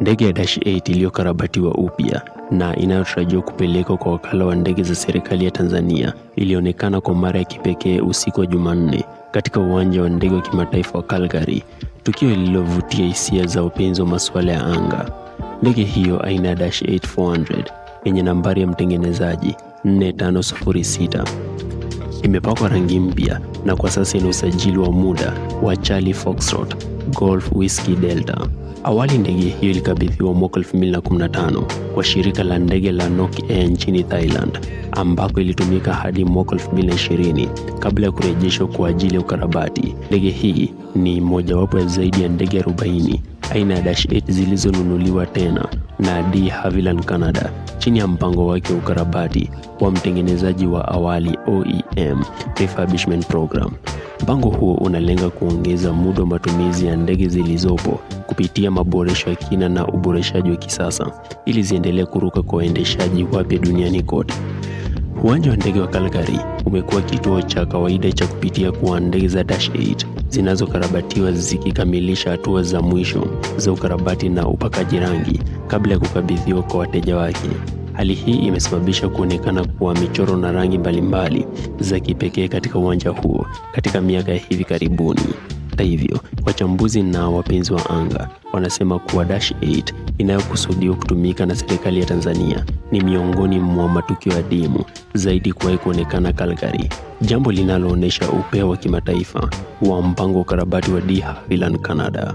Ndege ya Dash 8 iliyokarabatiwa upya na inayotarajiwa kupelekwa kwa wakala wa ndege za serikali ya Tanzania ilionekana kwa mara ya kipekee usiku wa Jumanne katika uwanja wa ndege wa kimataifa wa Calgary, tukio lililovutia hisia za upenzi wa masuala ya anga. Ndege hiyo aina ya Dash 8400 yenye nambari ya mtengenezaji 4506 imepakwa rangi mpya na kwa sasa ina usajili wa muda wa Charlie Foxtrot Golf Whiskey Delta. Awali ndege hiyo ilikabidhiwa mwaka 2015 kwa shirika la ndege la Nok Air nchini Thailand, ambako ilitumika hadi mwaka 2020 kabla ya kurejeshwa kwa ajili ya ukarabati. Ndege hii ni mojawapo ya zaidi ya ndege 40 aina ya Dash 8 zilizonunuliwa tena na De Havilland Canada chini ya mpango wake wa ukarabati wa mtengenezaji wa awali OEM refurbishment program. Mpango huo unalenga kuongeza muda wa matumizi ya ndege zilizopo kupitia maboresho ya kina na uboreshaji wa kisasa ili ziendelee kuruka kwa waendeshaji wapya duniani kote. Uwanja wa ndege wa Calgary umekuwa kituo cha kawaida cha kupitia kwa ndege za Dash 8 zinazokarabatiwa zikikamilisha hatua za mwisho za ukarabati na upakaji rangi kabla ya kukabidhiwa kwa wateja wake. Hali hii imesababisha kuonekana kwa michoro na rangi mbalimbali za kipekee katika uwanja huo katika miaka ya hivi karibuni. Hata hivyo, wachambuzi na wapenzi wa anga wanasema kuwa Dash 8 inayokusudiwa kutumika na serikali ya Tanzania ni miongoni mwa matukio adimu zaidi kuwahi kuonekana Calgary, jambo linaloonyesha upeo wa kimataifa wa mpango wa ukarabati wa diha Havilland Canada.